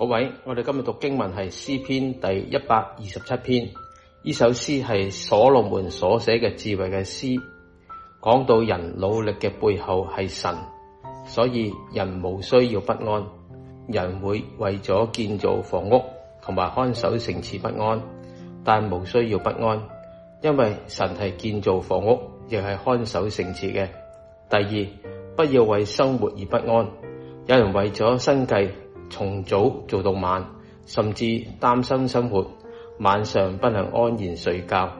各位，我哋今日讀經文係詩篇第一百二十七篇，呢首詩係所羅門所寫嘅智慧嘅詩，講到人努力嘅背後係神，所以人無需要不安，人會為咗建造房屋同埋看守城池不安，但無需要不安，因為神係建造房屋，亦係看守城池嘅。第二，不要為生活而不安，有人為咗生計。從早做到晚，甚至擔心生活，晚上不能安然睡覺。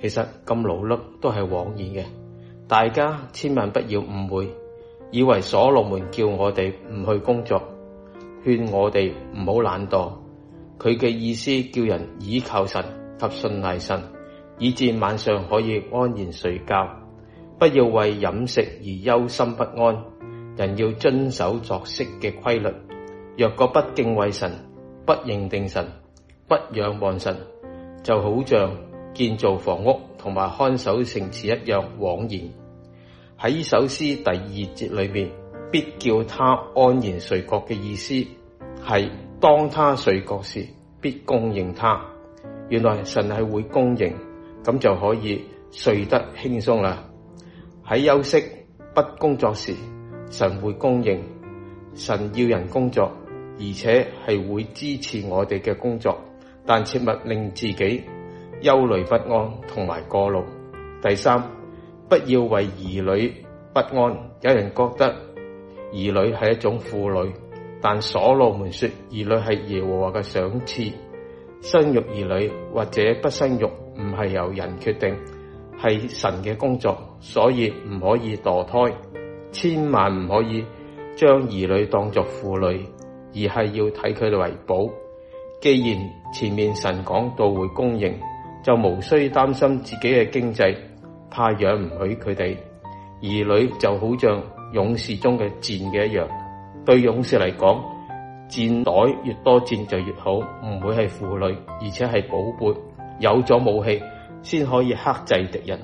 其實咁勞碌都係枉然嘅，大家千萬不要誤會，以為所羅門叫我哋唔去工作，勸我哋唔好懶惰。佢嘅意思叫人倚靠神及信賴神，以致晚上可以安然睡覺，不要為飲食而憂心不安。人要遵守作息嘅規律。若果不敬畏神、不認定神、不仰望神，就好像建造房屋同埋看守城池一樣枉然。喺呢首詩第二節裏面，必叫他安然睡覺嘅意思係：是當他睡覺時，必供應他。原來神係會供應，咁就可以睡得輕鬆啦。喺休息不工作時，神會供應。神要人工作。而且係會支持我哋嘅工作，但切勿令自己憂慮不安同埋過勞。第三，不要為兒女不安。有人覺得兒女係一種婦女，但所羅門說，兒女係耶和華嘅賞賜。生育兒女或者不生育，唔係由人決定，係神嘅工作，所以唔可以墮胎，千萬唔可以將兒女當作婦女。而係要睇佢哋為寶。既然前面神講到會供應，就無需擔心自己嘅經濟，怕養唔起佢哋。兒女就好像勇士中嘅箭嘅一樣，對勇士嚟講，箭袋越多箭就越好，唔會係負累，而且係寶貝。有咗武器，先可以克制敵人。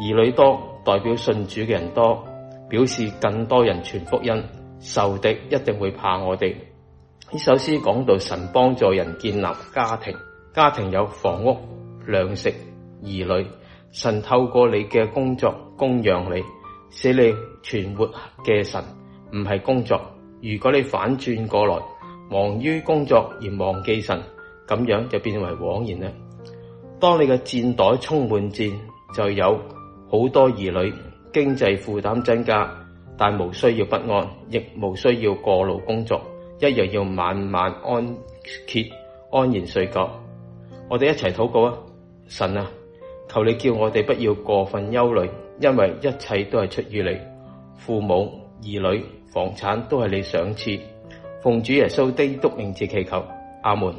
兒女多代表信主嘅人多，表示更多人傳福音。仇敵一定會怕我哋。呢首詩講到神幫助人建立家庭，家庭有房屋、糧食、兒女。神透過你嘅工作供養你，使你存活嘅神唔係工作。如果你反轉過來，忙於工作而忘記神，咁樣就變為枉然啦。當你嘅箭袋充滿箭，就有好多兒女，經濟負擔增加。但無需要不安，亦無需要過勞工作，一樣要慢慢安歇、安然睡覺。我哋一齊禱告啊！神啊，求你叫我哋不要過分憂慮，因為一切都係出於你。父母、兒女、房產都係你賞賜。奉主耶穌基督名字祈求，阿門。